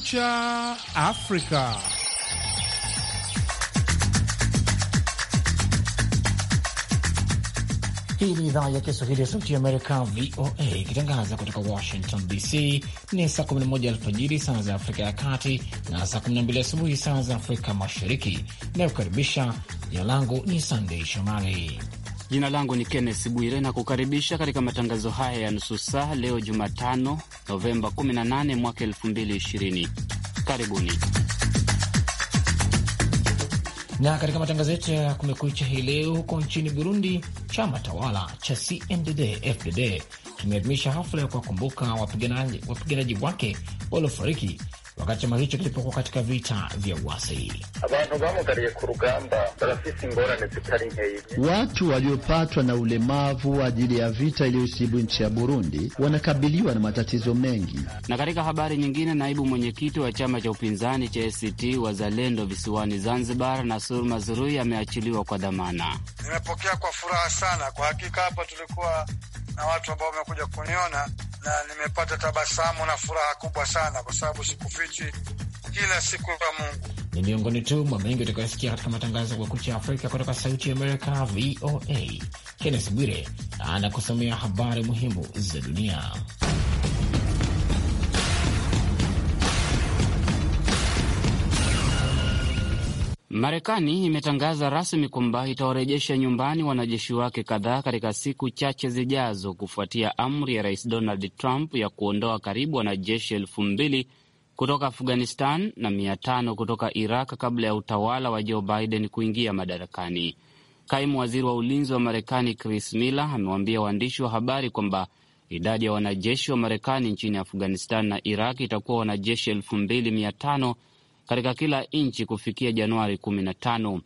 Kumekucha Afrika. Hii ni idhaa ya Kiswahili ya Sauti ya Amerika, VOA, ikitangaza kutoka Washington DC. Ni saa 11 alfajiri saa za Afrika ya Kati na saa 12 asubuhi saa za Afrika Mashariki. Inayokaribisha, jina langu ni Sandei Shomari Jina langu ni Kenneth Bwire na kukaribisha katika matangazo haya ya nusu saa leo Jumatano, Novemba 18 mwaka 2020. Karibuni na katika matangazo yetu ya kumekucha hii leo, huko nchini Burundi, chama tawala cha CNDD-FDD kimeadhimisha hafla ya kuwakumbuka wapiganaji wake waliofariki wakati chama hicho kilipokuwa katika vita vya uasi. Watu waliopatwa na ulemavu ajili ya vita iliyoisibu nchi ya Burundi wanakabiliwa na matatizo mengi. Na katika habari nyingine, naibu mwenyekiti wa chama cha upinzani cha ACT Wazalendo visiwani Zanzibar, Nasur mazurui ameachiliwa kwa dhamana. Nimepokea kwa furaha sana, kwa hakika hapa tulikuwa na watu ambao wamekuja kuniona na nimepata tabasamu na furaha kubwa sana, kwa sababu sikufichi kila siku ya Mungu. Ni miongoni tu mwa mengi utakayosikia katika matangazo ya Kucha Afrika kutoka Sauti ya Amerika, VOA. Kennes Bwire anakusomea habari muhimu za dunia. Marekani imetangaza rasmi kwamba itawarejesha nyumbani wanajeshi wake kadhaa katika siku chache zijazo kufuatia amri ya Rais Donald Trump ya kuondoa karibu wanajeshi elfu mbili kutoka Afghanistan na mia tano kutoka Iraq kabla ya utawala wa Joe Biden kuingia madarakani. Kaimu waziri wa ulinzi wa Marekani Chris Miller amewaambia waandishi wa habari kwamba idadi ya wanajeshi wa Marekani nchini Afghanistan na Iraq itakuwa wanajeshi elfu mbili mia tano katika kila nchi kufikia Januari 15.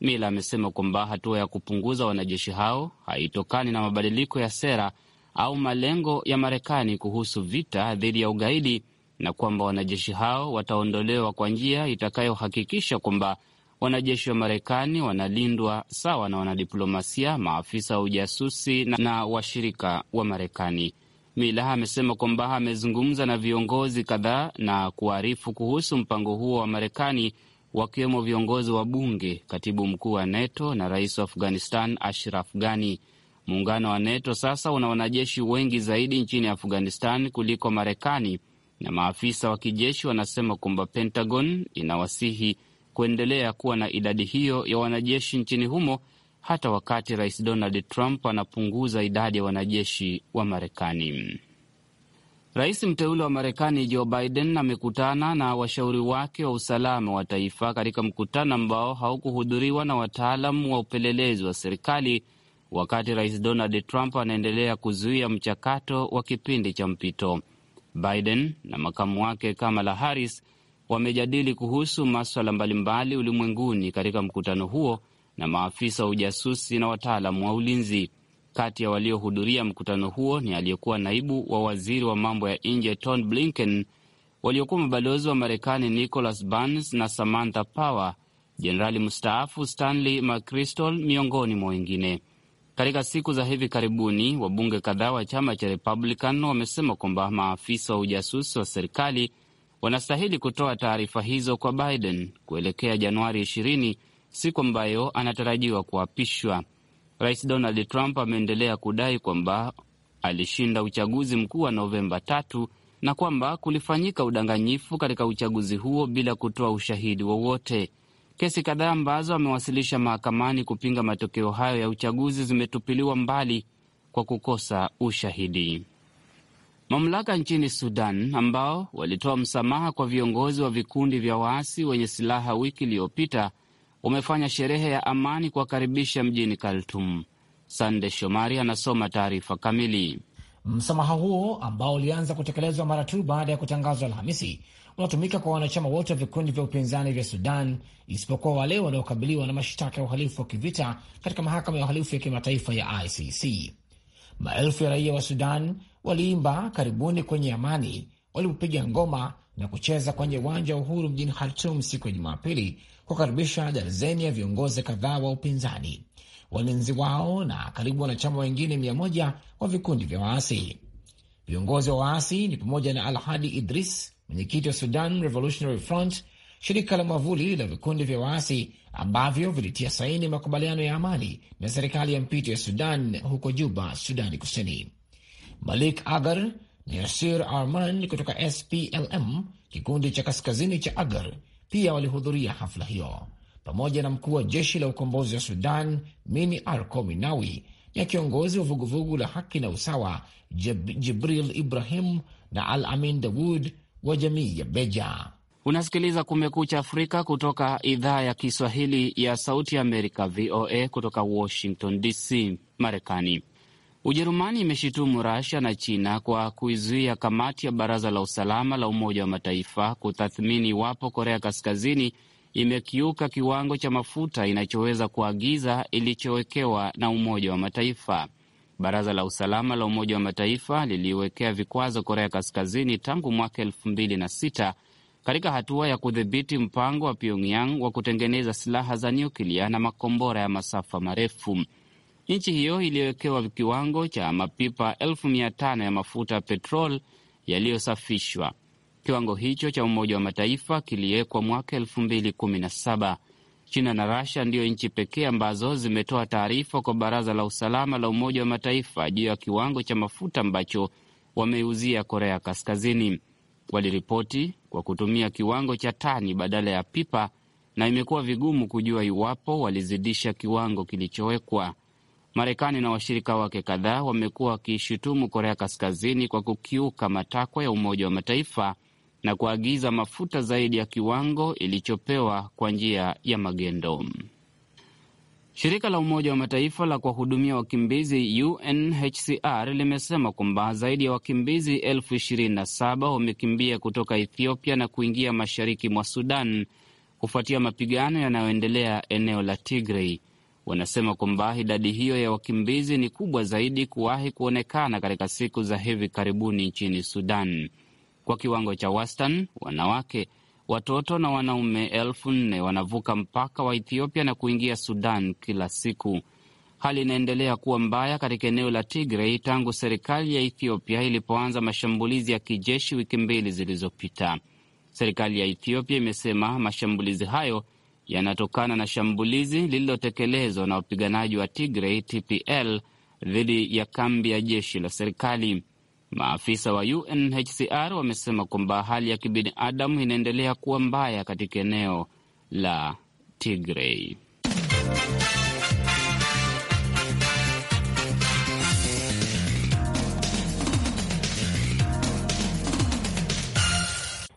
Mila amesema kwamba hatua ya kupunguza wanajeshi hao haitokani na mabadiliko ya sera au malengo ya Marekani kuhusu vita dhidi ya ugaidi na kwamba wanajeshi hao wataondolewa kwa njia itakayohakikisha kwamba wanajeshi wa Marekani wanalindwa sawa na wanadiplomasia, maafisa wa ujasusi na washirika wa Marekani. Mila amesema kwamba amezungumza na viongozi kadhaa na kuarifu kuhusu mpango huo wa Marekani, wakiwemo viongozi wa bunge, katibu mkuu wa NATO na rais wa Afghanistan Ashraf Ghani. Muungano wa NATO sasa una wanajeshi wengi zaidi nchini Afghanistan kuliko Marekani, na maafisa wa kijeshi wanasema kwamba Pentagon inawasihi kuendelea kuwa na idadi hiyo ya wanajeshi nchini humo hata wakati Rais Donald Trump anapunguza idadi ya wanajeshi wa Marekani. Rais mteule wa Marekani Joe Biden amekutana na washauri wake wa usalama wa taifa katika mkutano ambao haukuhudhuriwa na wataalam wa upelelezi wa serikali, wakati Rais Donald Trump anaendelea kuzuia mchakato wa kipindi cha mpito. Biden na makamu wake Kamala Harris wamejadili kuhusu maswala mbalimbali ulimwenguni katika mkutano huo na maafisa wa ujasusi na wataalamu wa ulinzi. Kati ya waliohudhuria mkutano huo ni aliyekuwa naibu wa waziri wa mambo ya nje Tony Blinken, waliokuwa mabalozi wa Marekani Nicholas Burns na Samantha Power, jenerali mstaafu Stanley McChrystal miongoni mwa wengine. Katika siku za hivi karibuni, wabunge kadhaa wa chama cha Republican wamesema kwamba maafisa wa ujasusi wa serikali wanastahili kutoa taarifa hizo kwa Biden kuelekea Januari 20 siku ambayo anatarajiwa kuapishwa. Rais Donald Trump ameendelea kudai kwamba alishinda uchaguzi mkuu wa Novemba tatu na kwamba kulifanyika udanganyifu katika uchaguzi huo bila kutoa ushahidi wowote. Kesi kadhaa ambazo amewasilisha mahakamani kupinga matokeo hayo ya uchaguzi zimetupiliwa mbali kwa kukosa ushahidi. Mamlaka nchini Sudan ambao walitoa msamaha kwa viongozi wa vikundi vya waasi wenye silaha wiki iliyopita umefanya sherehe ya amani kuwakaribisha mjini Khartoum. Sande Shomari anasoma taarifa kamili. Msamaha huo ambao ulianza kutekelezwa mara tu baada ya kutangazwa Alhamisi unatumika kwa wanachama wote wa vikundi vya upinzani vya Sudan isipokuwa wale wanaokabiliwa na mashtaka ya uhalifu wa kivita katika mahakama ya uhalifu ya kimataifa ya ICC. Maelfu ya raia wa Sudan waliimba karibuni kwenye amani walipopiga ngoma na kucheza kwenye uwanja wa uhuru mjini Khartum siku ya Jumapili kukaribisha darzeni ya viongozi kadhaa wa upinzani, walinzi wao na karibu wanachama wengine mia moja wa vikundi vya waasi. Viongozi wa waasi ni pamoja na Alhadi Idris, mwenyekiti wa Sudan Revolutionary Front, shirika la mwavuli la vikundi vya waasi ambavyo vilitia saini makubaliano ya amani na serikali ya mpito ya Sudan huko Juba, Sudani Kusini. Malik Agar na Yasir Arman kutoka SPLM, kikundi cha kaskazini cha Agar pia walihudhuria hafla hiyo pamoja na mkuu wa jeshi la ukombozi wa Sudan Mini Arko Minawi na kiongozi wa vuguvugu la haki na usawa Jibril Ibrahim na Al Amin Dawud wa jamii ya Beja. Unasikiliza Kumekucha Afrika kutoka idhaa ya Kiswahili ya Sauti ya Amerika, VOA, kutoka Washington DC, Marekani. Ujerumani imeshitumu Rasia na China kwa kuizuia kamati ya Baraza la Usalama la Umoja wa Mataifa kutathmini iwapo Korea Kaskazini imekiuka kiwango cha mafuta inachoweza kuagiza ilichowekewa na Umoja wa Mataifa. Baraza la Usalama la Umoja wa Mataifa liliwekea vikwazo Korea Kaskazini tangu mwaka elfu mbili na sita katika hatua ya kudhibiti mpango wa Pyongyang wa kutengeneza silaha za nyuklia na makombora ya masafa marefu. Nchi hiyo iliyowekewa kiwango cha mapipa elfu mia tano ya mafuta ya petrol yaliyosafishwa. Kiwango hicho cha Umoja wa Mataifa kiliwekwa mwaka elfu mbili kumi na saba. China na Russia ndiyo nchi pekee ambazo zimetoa taarifa kwa Baraza la Usalama la Umoja wa Mataifa juu ya kiwango cha mafuta ambacho wameiuzia Korea Kaskazini. Waliripoti kwa kutumia kiwango cha tani badala ya pipa, na imekuwa vigumu kujua iwapo walizidisha kiwango kilichowekwa. Marekani na washirika wake kadhaa wamekuwa wakiishutumu Korea Kaskazini kwa kukiuka matakwa ya Umoja wa Mataifa na kuagiza mafuta zaidi ya kiwango ilichopewa kwa njia ya magendo. Shirika la Umoja wa Mataifa la kuwahudumia wakimbizi UNHCR limesema kwamba zaidi ya wakimbizi elfu ishirini na saba wamekimbia kutoka Ethiopia na kuingia mashariki mwa Sudan kufuatia mapigano yanayoendelea eneo la Tigrei wanasema kwamba idadi hiyo ya wakimbizi ni kubwa zaidi kuwahi kuonekana katika siku za hivi karibuni nchini Sudan. Kwa kiwango cha wastan wanawake, watoto na wanaume elfu nne wanavuka mpaka wa Ethiopia na kuingia Sudan kila siku. Hali inaendelea kuwa mbaya katika eneo la tigrey tangu serikali ya Ethiopia ilipoanza mashambulizi ya kijeshi wiki mbili zilizopita. Serikali ya Ethiopia imesema mashambulizi hayo yanatokana na shambulizi lililotekelezwa na wapiganaji wa Tigray TPL dhidi ya kambi ya jeshi la serikali. Maafisa wa UNHCR wamesema kwamba hali ya kibinadamu inaendelea kuwa mbaya katika eneo la Tigray.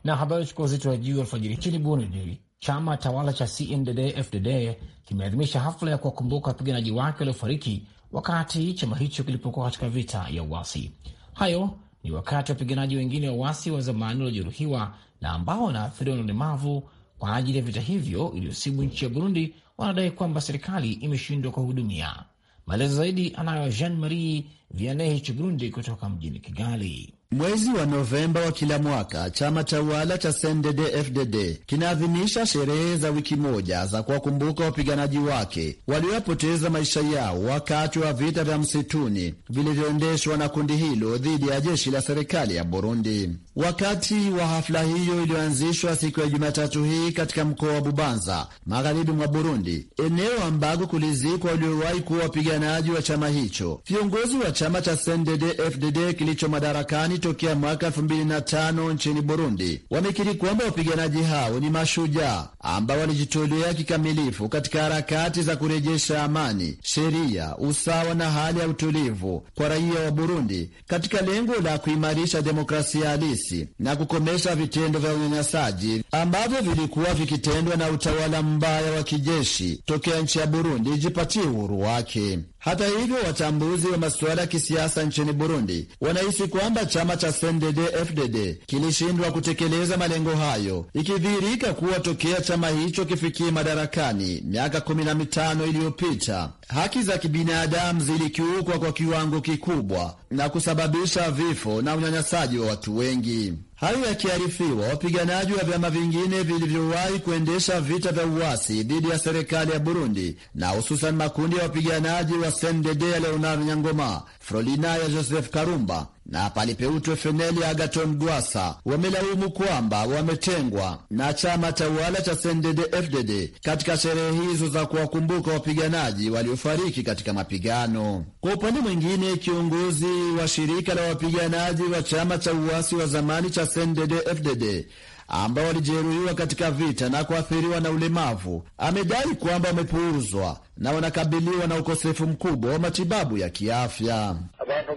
Na habari chukua uzito wa juu alfajiri nchini Burundi Chama tawala cha CNDD-FDD kimeadhimisha hafla ya kuwakumbuka wapiganaji wake waliofariki wakati chama hicho kilipokuwa katika vita ya uasi. Hayo ni wakati wapiganaji wengine wa uasi wa zamani waliojeruhiwa na ambao wanaathiriwa na ulemavu kwa ajili ya vita hivyo iliyosibu nchi ya Burundi wanadai kwamba serikali imeshindwa kuwahudumia. Maelezo zaidi anayo Jean Marie Vianney Burundi kutoka mjini Kigali. Mwezi wa Novemba wa kila mwaka chama tawala cha CNDD FDD kinaadhimisha sherehe za wiki moja za kuwakumbuka wapiganaji wake waliopoteza maisha yao wakati wa vita vya msituni vilivyoendeshwa na kundi hilo dhidi ya jeshi la serikali ya Burundi. Wakati wa hafla hiyo iliyoanzishwa siku ya Jumatatu hii katika mkoa wa Bubanza, magharibi mwa Burundi, eneo ambako kulizikwa waliowahi kuwa wapiganaji wa chama hicho, viongozi wa chama cha CNDD FDD kilicho madarakani tokea mwaka 2005 nchini Burundi wamekiri kwamba wapiganaji hao ni mashujaa ambao walijitolea kikamilifu katika harakati za kurejesha amani, sheria, usawa na hali ya utulivu kwa raia wa Burundi katika lengo la kuimarisha demokrasia halisi na kukomesha vitendo vya unyanyasaji ambavyo vilikuwa vikitendwa na utawala mbaya wa kijeshi tokea nchi ya Burundi ijipatie uhuru wake. Hata hivyo, wachambuzi wa masuala ya kisiasa nchini Burundi wanahisi kwamba chama cha CNDD-FDD kilishindwa kutekeleza malengo hayo, ikidhihirika kuwa tokea chama hicho kifikie madarakani miaka 15 iliyopita, haki za kibinadamu zilikiukwa kwa kiwango kikubwa na kusababisha vifo na unyanyasaji wa watu wengi. Hayo yakiarifiwa, wapiganaji wa vyama vingine vilivyowahi kuendesha vita vya uasi dhidi ya serikali ya Burundi na hususan makundi ya wapiganaji wa CNDD ya Leonard Nyangoma, Frolina ya Joseph Karumba na palipeutwe Feneli Agaton Gwasa wamelaumu kwamba wametengwa na chama tawala cha CNDD-FDD katika sherehe hizo za kuwakumbuka wapiganaji waliofariki katika mapigano. Kwa upande mwingine, kiongozi wa shirika la wapiganaji wa chama cha uasi wa zamani cha CNDD-FDD ambao walijeruhiwa katika vita na kuathiriwa na ulemavu amedai kwamba wamepuuzwa na wanakabiliwa na ukosefu mkubwa wa matibabu ya kiafya. Abantu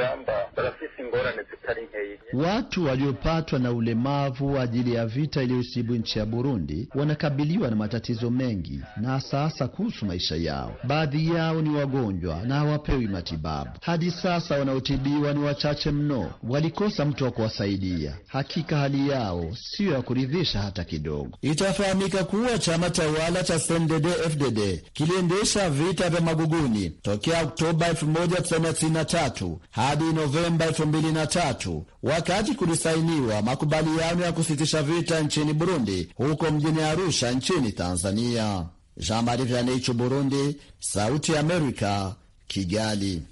urugamba barafise ingorane zitari nke. Watu waliopatwa na ulemavu ajili ya vita iliyoisibu nchi ya Burundi wanakabiliwa na matatizo mengi na sasa kuhusu maisha yao. Baadhi yao ni wagonjwa na hawapewi matibabu hadi sasa. Wanaotibiwa ni wachache mno, walikosa mtu wa kuwasaidia. Hakika hali yao siyo ya kuridhisha hata kidogo. Itafahamika kuwa chama tawala cha CNDD FDD kiliendesha vita vya Maguguni tokea Oktoba 1993 hadi Novemba 2003 wakati kulisainiwa makubaliano ya kusitisha vita nchini Burundi huko mjini Arusha nchini Tanzania. Jean Marie Vianney Burundi, Sauti ya Amerika, Kigali.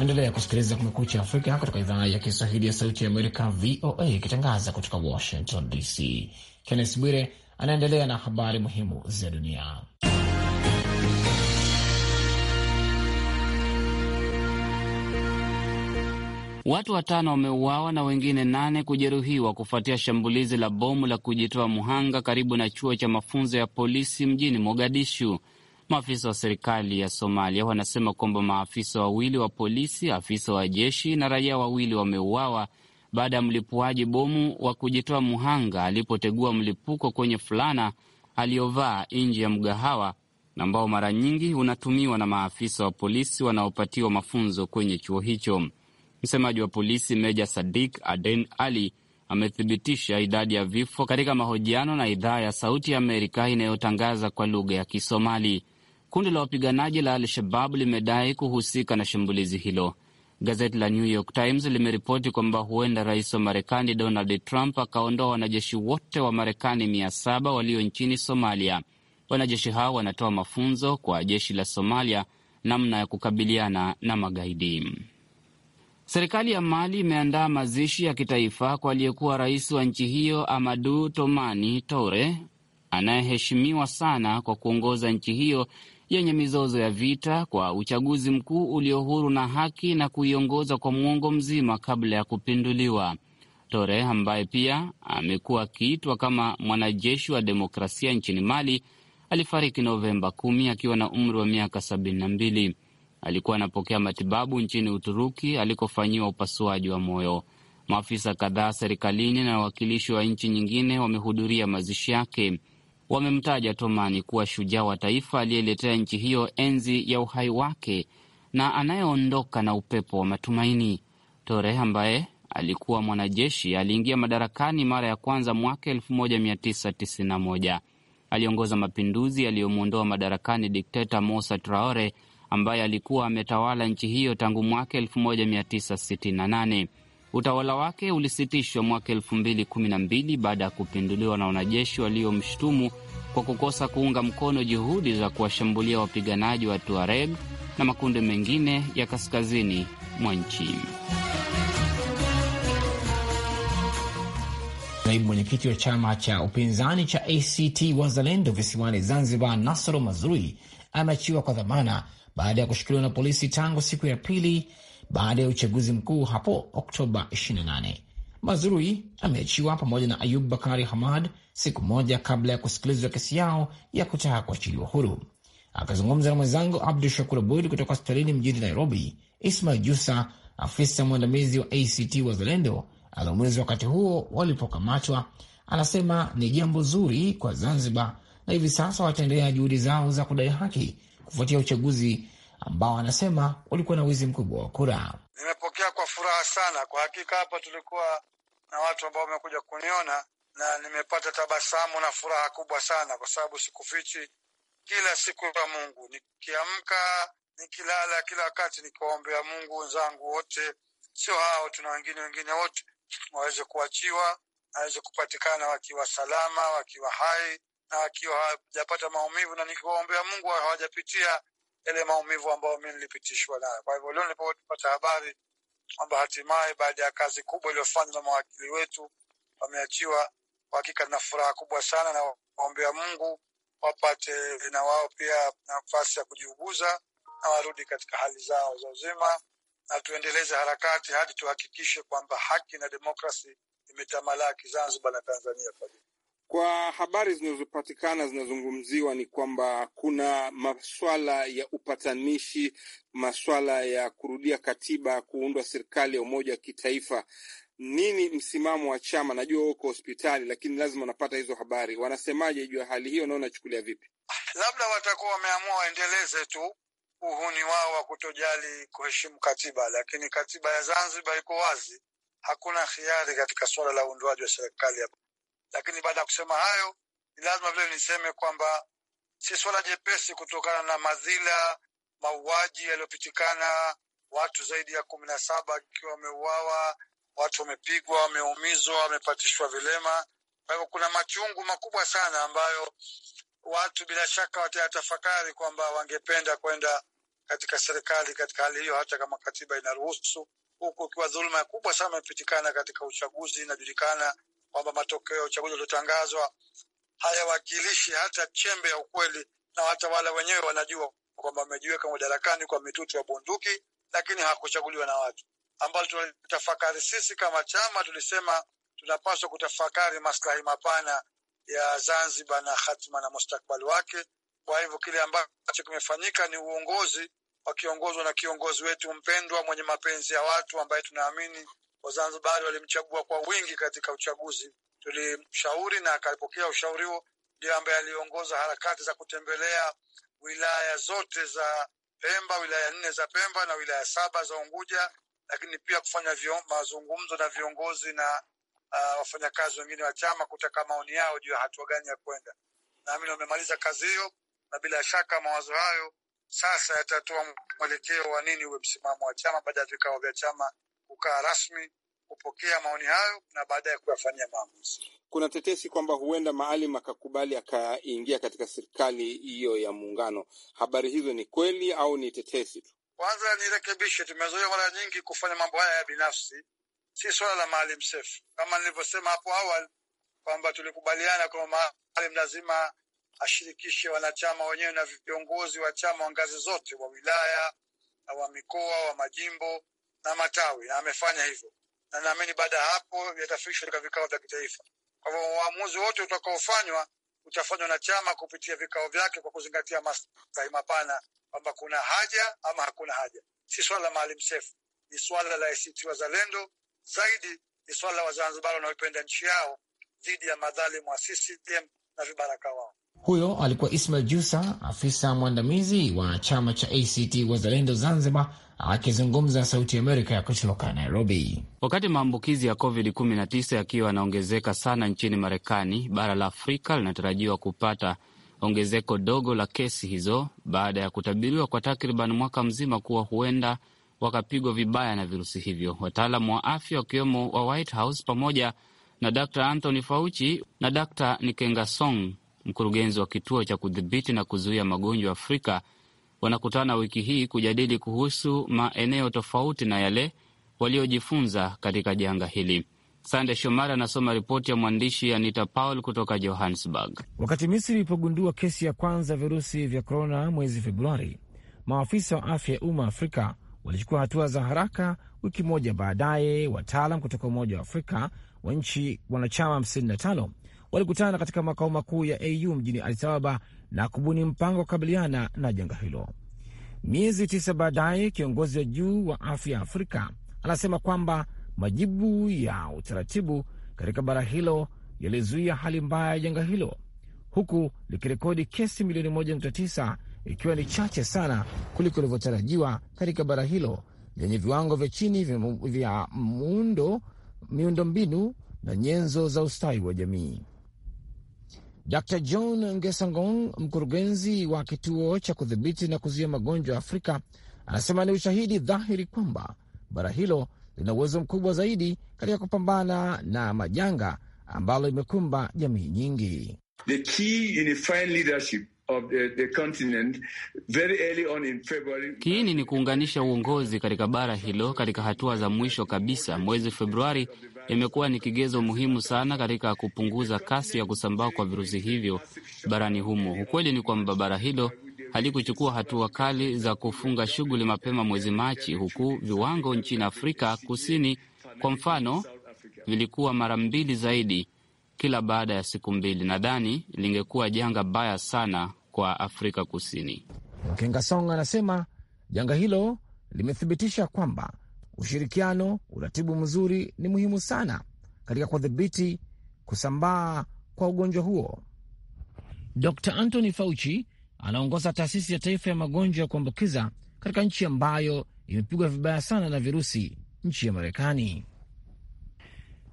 Endelea kusikiliza Kumekucha Afrika kutoka idhaa ya Kiswahili ya Sauti ya Amerika, VOA, ikitangaza kutoka Washington DC. Kennes Bwire anaendelea na habari muhimu za dunia. Watu watano wameuawa na wengine nane kujeruhiwa kufuatia shambulizi la bomu la kujitoa muhanga karibu na chuo cha mafunzo ya polisi mjini Mogadishu. Maafisa wa serikali ya Somalia wanasema kwamba maafisa wawili wa polisi, afisa wa jeshi na raia wawili wameuawa baada ya mlipuaji bomu wa kujitoa muhanga alipotegua mlipuko kwenye fulana aliyovaa nje ya mgahawa ambao mara nyingi unatumiwa na maafisa wa polisi wanaopatiwa mafunzo kwenye chuo hicho. Msemaji wa polisi Meja Sadik Aden Ali amethibitisha idadi ya vifo katika mahojiano na idhaa ya Sauti ya Amerika inayotangaza kwa lugha ya Kisomali. Kundi la wapiganaji la al shababu limedai kuhusika na shambulizi hilo. Gazeti la New York Times limeripoti kwamba huenda rais wa Marekani Donald Trump akaondoa wanajeshi wote wa Marekani mia saba walio nchini Somalia. Wanajeshi hao wanatoa mafunzo kwa jeshi la Somalia namna ya kukabiliana na magaidi. Serikali ya Mali imeandaa mazishi ya kitaifa kwa aliyekuwa rais wa nchi hiyo Amadu Tomani Toure, anayeheshimiwa sana kwa kuongoza nchi hiyo yenye mizozo ya vita kwa uchaguzi mkuu ulio huru na haki na kuiongoza kwa mwongo mzima kabla ya kupinduliwa. tore ambaye pia amekuwa akiitwa kama mwanajeshi wa demokrasia nchini Mali alifariki Novemba kumi akiwa na umri wa miaka mbili alikuwa anapokea matibabu nchini Uturuki alikofanyiwa upasuaji wa moyo. Maafisa kadhaa serikalini na wawakilishi wa nchi nyingine wamehudhuria mazishi yake. Wamemtaja Tomani kuwa shujaa wa taifa aliyeletea nchi hiyo enzi ya uhai wake na anayeondoka na upepo wa matumaini. Tore ambaye alikuwa mwanajeshi aliingia madarakani mara ya kwanza mwaka 1991. Aliongoza mapinduzi yaliyomwondoa madarakani dikteta Mosa Traore ambaye alikuwa ametawala nchi hiyo tangu mwaka 1968. Utawala wake ulisitishwa mwaka 2012 baada ya kupinduliwa na wanajeshi waliomshutumu kwa kukosa kuunga mkono juhudi za kuwashambulia wapiganaji wa Tuareg na makundi mengine ya kaskazini mwa nchi. Naibu mwenyekiti wa chama cha upinzani cha ACT Wazalendo visiwani Zanzibar, Nasoro Mazrui ameachiwa kwa dhamana baada ya kushikiliwa na polisi tangu siku ya pili baada ya uchaguzi mkuu hapo Oktoba 28. Mazrui ameachiwa pamoja na Ayub Bakari Hamad siku moja kabla ya kusikilizwa kesi yao ya kutaka kuachiliwa huru. Akizungumza na mwenzangu Abdu Shakur Abud kutoka hospitalini mjini Nairobi, Ismail Jusa, afisa mwandamizi wa ACT Wazalendo, aliumizwa wakati huo walipokamatwa. Anasema ni jambo zuri kwa Zanzibar na hivi sasa wataendelea juhudi zao za kudai haki kufuatia uchaguzi ambao anasema ulikuwa na wizi mkubwa wa kura. Nimepokea kwa furaha sana. Kwa hakika hapa tulikuwa na watu ambao wamekuja kuniona na nimepata tabasamu na furaha kubwa sana, kwa sababu sikufichi, kila siku ya Mungu nikiamka, nikilala, kila wakati nikiwaombea Mungu wenzangu wote, sio hao, tuna wengine wengine wote waweze kuachiwa, aweze kupatikana wakiwa salama, wakiwa hai na akiwa hawajapata maumivu, na nikiwaombea Mungu hawajapitia yale maumivu ambayo mi nilipitishwa nayo. Kwa hivyo leo nilipopata habari kwamba hatimaye baada ya kazi kubwa iliyofanywa na mawakili wetu wameachiwa, kwa hakika na furaha kubwa sana, na waombea Mungu wapate na wao pia nafasi ya kujiuguza na warudi katika hali zao za uzima, na tuendeleze harakati hadi tuhakikishe kwamba haki na demokrasi imetamalaki Zanzibar na Tanzania kwa kwa habari zinazopatikana zinazungumziwa ni kwamba kuna maswala ya upatanishi, maswala ya kurudia katiba, kuundwa serikali ya umoja wa kitaifa. Nini msimamo wa chama? Najua uko hospitali, lakini lazima unapata hizo habari. Wanasemaje juu ya hali hiyo, na unachukulia vipi? Labda watakuwa wameamua waendeleze tu uhuni wao wa kutojali kuheshimu katiba, lakini katiba ya Zanzibar iko wazi, hakuna hiari katika suala la uundwaji wa serikali ya lakini baada ya kusema hayo, ni lazima vile niseme kwamba si swala jepesi kutokana na madhila, mauaji yaliyopitikana, watu zaidi ya kumi na saba akiwa wameuawa, watu wamepigwa, wameumizwa, wamepatishwa vilema. Kwa hivyo kuna machungu makubwa sana ambayo watu bila shaka watayatafakari kwamba wangependa kwenda katika serikali katika hali hiyo, hata kama katiba inaruhusu, huku ikiwa dhuluma kubwa sana imepitikana katika uchaguzi, inajulikana kwamba matokeo ya uchaguzi uliotangazwa hayawakilishi hata chembe ya ukweli, na watawala wenyewe wanajua kwamba wamejiweka madarakani kwa mitutu ya bunduki, lakini hakuchaguliwa na watu. Ambalo tunatafakari sisi kama chama, tulisema tunapaswa kutafakari maslahi mapana ya Zanzibar na hatima na mustakbali wake. Kwa hivyo kile ambacho kimefanyika ni uongozi wakiongozwa na kiongozi wetu mpendwa mwenye mapenzi ya watu ambaye tunaamini Wazanzibari walimchagua kwa wingi katika uchaguzi. Tulimshauri na akapokea ushauri huo, ndio ambaye aliongoza harakati za kutembelea wilaya zote za Pemba, wilaya nne za Pemba na wilaya saba za Unguja, lakini pia kufanya mazungumzo na viongozi na uh, wafanyakazi wengine wa chama kutaka maoni yao juu ya hatua gani ya kwenda. Naamini wamemaliza kazi hiyo, na bila shaka mawazo hayo sasa yatatoa mwelekeo wa nini uwe msimamo wa chama baada ya vikao vya chama kukaa rasmi kupokea maoni hayo na baadaye kuyafanyia maamuzi. Kuna tetesi kwamba huenda Maalim akakubali akaingia katika serikali hiyo ya muungano. Habari hizo ni kweli au ni tetesi tu? Kwanza nirekebishe, tumezoea mara nyingi kufanya mambo haya ya binafsi, si swala la Maalim Seif. Kama nilivyosema hapo awali kwamba tulikubaliana kwamba Maalim lazima ashirikishe wanachama wenyewe na viongozi wa chama wa ngazi zote, wa wilaya na wa mikoa, wa majimbo na matawi, na amefanya hivyo, na naamini baada ya hapo yatafikishwa katika vikao vya kitaifa. Kwa hivyo uamuzi wote utakaofanywa utafanywa na chama kupitia vikao vyake kwa kuzingatia maslahi mapana, kwamba kuna haja ama hakuna haja. Si swala la Maalim Seif, ni swala la ACT Wazalendo, zaidi ni swala la Wazanzibari wanaoipenda nchi yao dhidi ya madhalimu wa CCM na vibaraka wao. Huyo alikuwa Ismail Jusa, afisa mwandamizi wa chama cha ACT Wazalendo Zanzibar akizungumza Sauti Amerika kutoka Nairobi. Wakati maambukizi ya COVID-19 yakiwa yanaongezeka sana nchini Marekani, bara la Afrika linatarajiwa kupata ongezeko dogo la kesi hizo baada ya kutabiriwa kwa takriban mwaka mzima kuwa huenda wakapigwa vibaya na virusi hivyo. Wataalamu wa afya wakiwemo wa White House pamoja na Dr Anthony Fauci na Dr nikengasong mkurugenzi wa kituo cha kudhibiti na kuzuia magonjwa Afrika wanakutana wiki hii kujadili kuhusu maeneo tofauti na yale waliojifunza katika janga hili. Sande Shomari anasoma ripoti ya mwandishi Anita Paul kutoka Johannesburg. Wakati Misri ilipogundua kesi ya kwanza ya virusi vya korona mwezi Februari, maafisa wa afya ya umma Afrika walichukua hatua za haraka. Wiki moja baadaye, wataalam kutoka Umoja wa Afrika wa nchi wanachama walikutana katika makao makuu ya AU mjini Addis Ababa na kubuni mpango wa kukabiliana na janga hilo. Miezi tisa baadaye, kiongozi wa juu wa afya ya Afrika anasema kwamba majibu ya utaratibu katika bara hilo yalizuia hali mbaya ya janga hilo huku likirekodi kesi milioni 1.9 ikiwa ni chache sana kuliko ilivyotarajiwa katika bara hilo lenye viwango vya chini vya muundo miundo mbinu na nyenzo za ustawi wa jamii. Dr John Ngesangong, mkurugenzi wa kituo cha kudhibiti na kuzuia magonjwa Afrika, anasema ni ushahidi dhahiri kwamba bara hilo lina uwezo mkubwa zaidi katika kupambana na majanga ambalo imekumba jamii nyingi. The key in kiini ni kuunganisha uongozi katika bara hilo katika hatua za mwisho kabisa mwezi Februari, imekuwa ni kigezo muhimu sana katika kupunguza kasi ya kusambaa kwa virusi hivyo barani humo. Ukweli ni kwamba bara hilo halikuchukua hatua kali za kufunga shughuli mapema mwezi Machi, huku viwango nchini Afrika Kusini kwa mfano vilikuwa mara mbili zaidi kila baada ya siku mbili. Nadhani lingekuwa janga baya sana kwa Afrika Kusini. Kengasong anasema janga hilo limethibitisha kwamba Ushirikiano, uratibu mzuri ni muhimu sana katika kudhibiti kusambaa kwa ugonjwa huo. Dr Anthony Fauci anaongoza taasisi ya taifa ya magonjwa ya kuambukiza katika nchi ambayo imepigwa vibaya sana na virusi, nchi ya Marekani.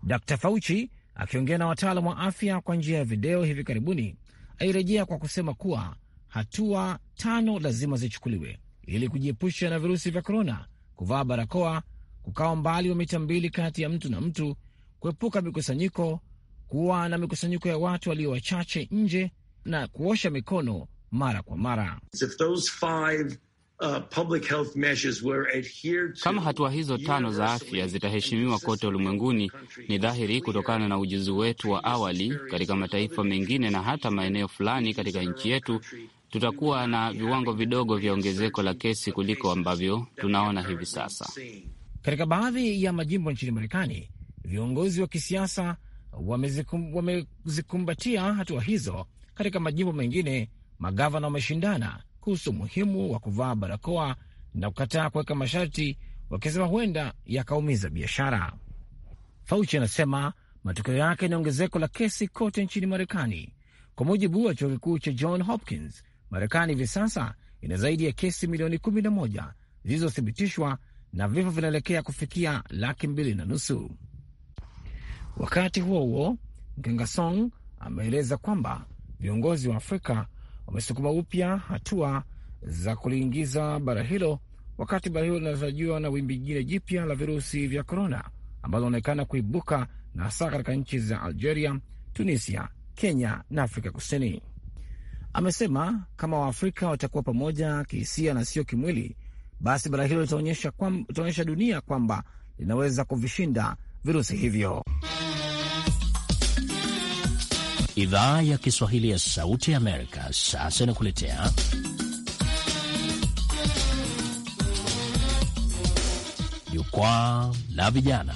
Dr Fauci akiongea na wataalam wa afya kwa njia ya video hivi karibuni, alirejea kwa kusema kuwa hatua tano lazima zichukuliwe ili kujiepusha na virusi vya korona kuvaa barakoa, kukaa umbali wa mita mbili kati ya mtu na mtu, kuepuka mikusanyiko, kuwa na mikusanyiko ya watu walio wachache nje na kuosha mikono mara kwa mara. Uh, Kama hatua hizo tano za afya zitaheshimiwa kote ulimwenguni, ni dhahiri kutokana na ujuzi wetu wa awali katika mataifa mengine na hata maeneo fulani katika nchi yetu tutakuwa na viwango vidogo vya ongezeko la kesi kuliko ambavyo tunaona hivi sasa. Katika baadhi ya majimbo nchini Marekani, viongozi wa kisiasa wamezikumbatia wame hatua hizo. Katika majimbo mengine, magavana wameshindana kuhusu umuhimu wa kuvaa barakoa na kukataa kuweka masharti, wakisema huenda yakaumiza biashara. Fauci anasema matokeo yake ni ongezeko la kesi kote nchini Marekani. Kwa mujibu wa chuo kikuu cha John Hopkins, Marekani hivi sasa ina zaidi ya kesi milioni kumi na moja zilizothibitishwa na vifo vinaelekea kufikia laki mbili na nusu. Wakati huo huo, Mkengasong ameeleza kwamba viongozi wa Afrika wamesukuma upya hatua za kuliingiza bara hilo wakati bara hilo linatarajiwa na wimbi jingine jipya la virusi vya korona ambalo inaonekana kuibuka na hasa katika nchi za Algeria, Tunisia, Kenya na Afrika Kusini. Amesema kama Waafrika watakuwa pamoja kihisia na sio kimwili, basi bara hilo litaonyesha dunia kwamba linaweza kuvishinda virusi hivyo. Idhaa ya Kiswahili ya Sauti Amerika sasa inakuletea Jukwaa la Vijana.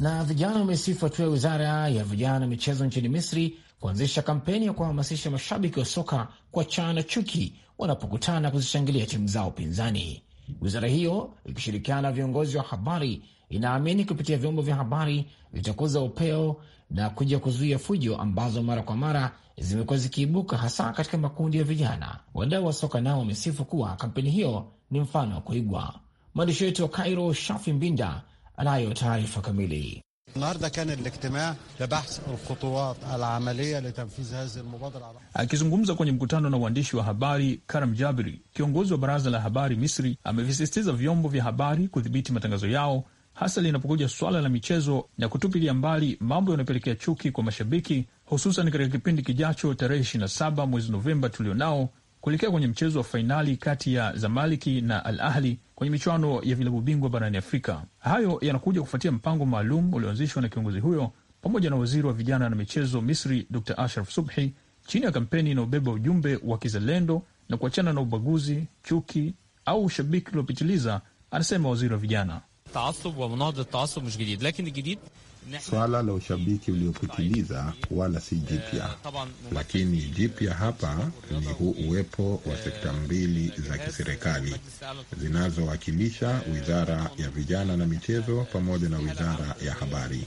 Na vijana wamesifu hatua ya wizara ya vijana na michezo nchini Misri kuanzisha kampeni ya kuhamasisha mashabiki wa soka kuachana chuki wanapokutana kuzishangilia timu zao pinzani. Wizara hiyo ikishirikiana na viongozi wa habari inaamini kupitia vyombo vya habari vitakuza upeo na kuja kuzuia fujo ambazo mara kwa mara zimekuwa zikiibuka hasa katika makundi ya vijana. Wadau wa soka nao wamesifu kuwa kampeni hiyo ni mfano wa kuigwa. Mwandishi wetu wa Cairo, Shafi Mbinda, anayo taarifa kamili. Akizungumza kwenye mkutano na uandishi wa habari, Karam Jabiri, kiongozi wa baraza la habari Misri, amevisisitiza vyombo vya habari kudhibiti matangazo yao hasa linapokuja swala la michezo na kutupilia mbali mambo yanayopelekea chuki kwa mashabiki, hususan katika kipindi kijacho tarehe 27 mwezi Novemba tulionao kuelekea kwenye mchezo wa fainali kati ya Zamaliki na Al Ahli kwenye michuano ya vilabu bingwa barani Afrika. Hayo yanakuja kufuatia mpango maalum ulioanzishwa na kiongozi huyo pamoja na waziri wa vijana na michezo Misri, Dr Ashraf Subhi, chini ya kampeni inayobeba ujumbe wa kizalendo na kuachana na ubaguzi, chuki au ushabiki uliopitiliza, anasema waziri wa vijana. Swala la ushabiki uliopitiliza wala si jipya, eh, lakini jipya hapa ni huu uwepo wa eh, sekta mbili za eh, kiserikali zinazowakilisha wizara ya vijana na michezo pamoja na wizara ya habari,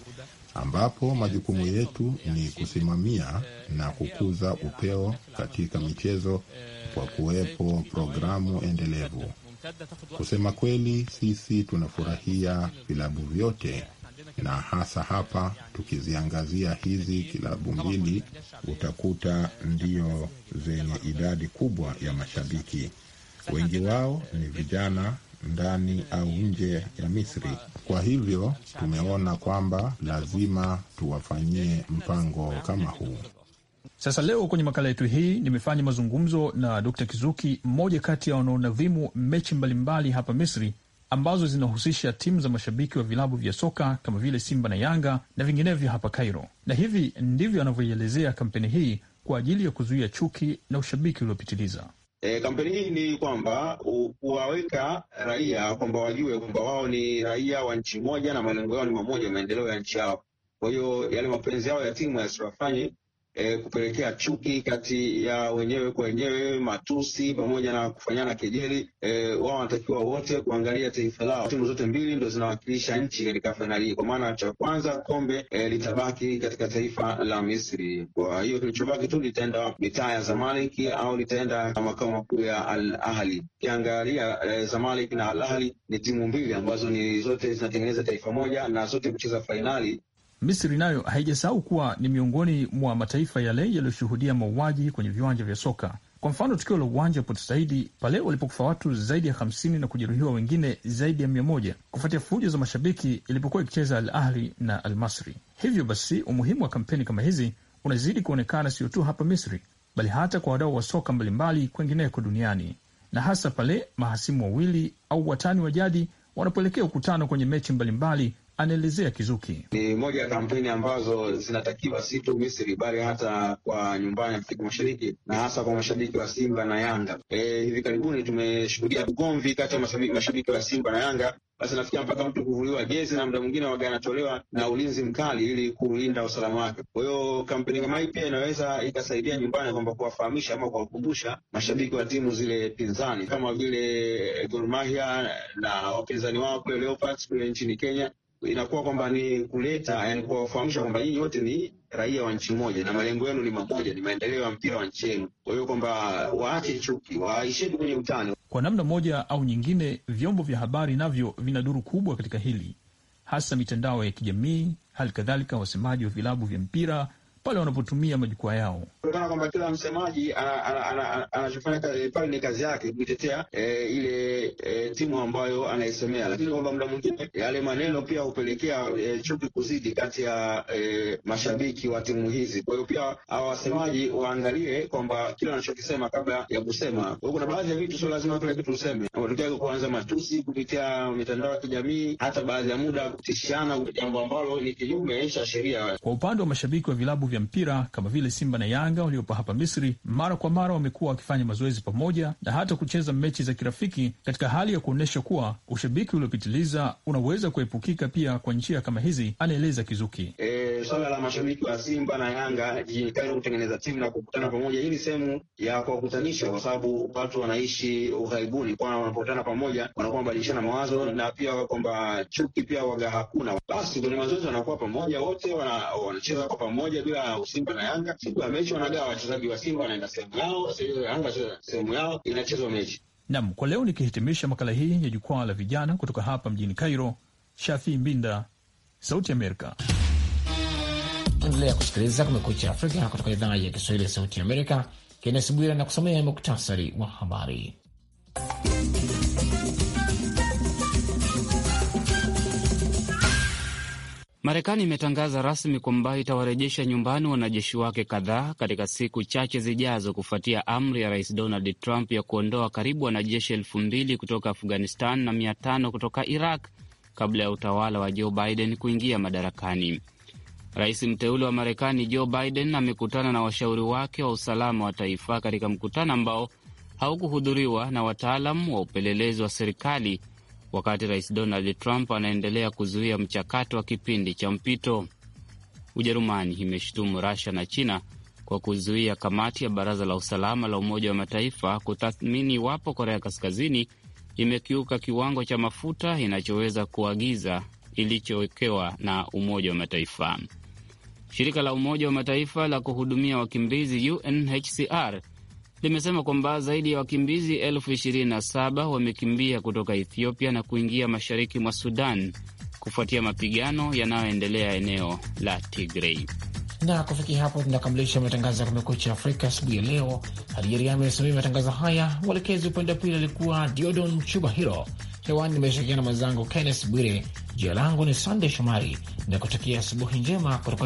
ambapo majukumu yetu ni kusimamia na kukuza upeo katika michezo kwa kuwepo programu endelevu. Kusema kweli, sisi tunafurahia vilabu vyote na hasa hapa tukiziangazia hizi kilabu mbili utakuta ndio zenye idadi kubwa ya mashabiki. Wengi wao ni vijana ndani au nje ya Misri. Kwa hivyo tumeona kwamba lazima tuwafanyie mpango kama huu. Sasa leo kwenye makala yetu hii nimefanya mazungumzo na Dr. Kizuki, mmoja kati ya wanaonadhimu mechi mbalimbali hapa Misri ambazo zinahusisha timu za mashabiki wa vilabu vya soka kama vile Simba na Yanga na vinginevyo hapa Cairo, na hivi ndivyo anavyoielezea kampeni hii kwa ajili ya kuzuia chuki na ushabiki uliopitiliza. E, kampeni hii ni kwamba kuwaweka raia kwamba wajue kwamba wao ni raia wa nchi moja na malengo yao ni mamoja, maendeleo ya nchi yao. Kwa hiyo yale mapenzi yao ya timu yasiwafanye eh, kupelekea chuki kati ya wenyewe kwa wenyewe, matusi pamoja na kufanyana kejeli. Eh, wao wanatakiwa wote kuangalia taifa lao. Timu zote mbili ndo zinawakilisha nchi katika fainali hii, kwa maana cha kwanza kombe eh, litabaki katika taifa la Misri. Kwa hiyo kilichobaki tu litaenda mitaa ya Zamalek au litaenda makao makuu ya Al Ahli. Ukiangalia eh, Zamalek na Al Ahli ni timu mbili ambazo ni zote zinatengeneza taifa moja na zote kucheza fainali Misri nayo haijasahau kuwa ni miongoni mwa mataifa yale yaliyoshuhudia mauaji kwenye viwanja vya soka. Kwa mfano, tukio la uwanja wa Port Said pale walipokufa watu zaidi ya 50 na kujeruhiwa wengine zaidi ya 100 kufuatia fujo za mashabiki ilipokuwa ikicheza Al Ahli na Al Masri. Hivyo basi, umuhimu wa kampeni kama hizi unazidi kuonekana sio tu hapa Misri, bali hata kwa wadau wa soka mbalimbali kwengineko duniani, na hasa pale mahasimu wawili au watani wa jadi wanapoelekea ukutano kwenye mechi mbalimbali anaelezea Kizuki. Ni moja ya kampeni ambazo zinatakiwa si tu Misri bali hata kwa nyumbani Afrika Mashariki na hasa kwa mashabiki wa Simba na Yanga. E, hivi karibuni tumeshuhudia ugomvi kati ya mashabiki wa Simba na Yanga, basi nafikia mpaka mtu kuvuliwa jezi na muda mwingine waga anatolewa na ulinzi mkali ili kulinda usalama wake. Kwa hiyo kampeni kama hii pia inaweza ikasaidia nyumbani, kwamba kuwafahamisha ama kuwakumbusha mashabiki wa timu zile pinzani kama vile Gor Mahia na wapinzani wao kule Leopards kule nchini Kenya inakuwa kwamba ni kuleta yani, kuwafahamisha kwamba nyinyi wote ni raia wa nchi moja na malengo yenu ni mamoja, ni maendeleo ya mpira wa nchi yenu. Kwa hiyo kwamba waache chuki, waishie kwenye utani. Kwa namna moja au nyingine, vyombo vya habari navyo vina duru kubwa katika hili, hasa mitandao ya kijamii, hali kadhalika wasemaji wa vilabu vya mpira pale wanapotumia majukwaa yao, kutokana kwamba kila msemaji anachofanya pale ni kazi yake kuitetea e, ile e, timu ambayo anaisemea, lakini kwamba muda mwingine yale maneno pia hupelekea e, chuki kuzidi kati ya mashabiki wa timu hizi. Kwa hiyo pia hawa wasemaji waangalie kwamba kile wanachokisema kabla ya kusema, kuna baadhi ya vitu sio lazima kila kitu useme, matokeo kuanza matusi kupitia mitandao ya kijamii, hata baadhi ya muda kutishiana, jambo ambalo ni kinyume cha sheria. Kwa upande wa mashabiki wa vilabu vya vya mpira kama vile Simba na Yanga waliopo hapa Misri mara kwa mara wamekuwa wakifanya mazoezi pamoja na hata kucheza mechi za kirafiki katika hali ya kuonyesha kuwa ushabiki uliopitiliza unaweza kuepukika pia kwa njia kama hizi, anaeleza Kizuki. E, swala la mashabiki wa Simba na Yanga jilikani kutengeneza timu na kukutana pamoja, hii ni sehemu ya kuwakutanisha, kwa sababu watu wanaishi ughaibuni, kwa wanapokutana pamoja wanakuwa mabadilishana mawazo na pia kwamba chuki pia waga hakuna. Basi kwenye mazoezi wanakuwa pamoja, wote wanacheza kwa pamoja bila au Simba na Yanga. Simba mechi wanagawa wachezaji wa Simba wanaenda sehemu yao, Yanga sehemu yao, inachezwa mechi. Nam, kwa leo nikihitimisha makala hii ya jukwaa la vijana kutoka hapa mjini Cairo, Shafi Mbinda, Sauti Amerika. Endelea kusikiliza Kumekucha Afrika kutoka idhaa ya Kiswahili ya Sauti Amerika. Kennes Bwira na kusomea muktasari wa habari. Marekani imetangaza rasmi kwamba itawarejesha nyumbani wanajeshi wake kadhaa katika siku chache zijazo kufuatia amri ya Rais Donald Trump ya kuondoa karibu wanajeshi elfu mbili kutoka Afghanistan na mia tano kutoka Iraq kabla ya utawala wa Joe Biden kuingia madarakani. Rais mteule wa Marekani Joe Biden amekutana na washauri wake wa usalama wa taifa katika mkutano ambao haukuhudhuriwa na wataalam wa upelelezi wa serikali wakati Rais Donald Trump anaendelea kuzuia mchakato wa kipindi cha mpito. Ujerumani imeshutumu Russia na China kwa kuzuia kamati ya Baraza la Usalama la Umoja wa Mataifa kutathmini iwapo Korea Kaskazini imekiuka kiwango cha mafuta inachoweza kuagiza ilichowekewa na Umoja wa Mataifa. Shirika la Umoja wa Mataifa la kuhudumia wakimbizi UNHCR limesema kwamba zaidi ya wakimbizi elfu ishirini wamekimbia kutoka Ethiopia na kuingia mashariki mwa Sudan kufuatia mapigano yanayoendelea eneo la Tigrei. Na kufikia hapo tunakamilisha matangazo ya Kumekucha Afrika asubuhi ya leo. Hadijariami amesimamia matangazo haya, mwelekezi upande wa pili alikuwa Diodon Chuba Hiro. Hewani nimeshirikiana mwenzangu Kennes Bwire. Jina langu ni Sandey Shomari na kutakia asubuhi njema kutoka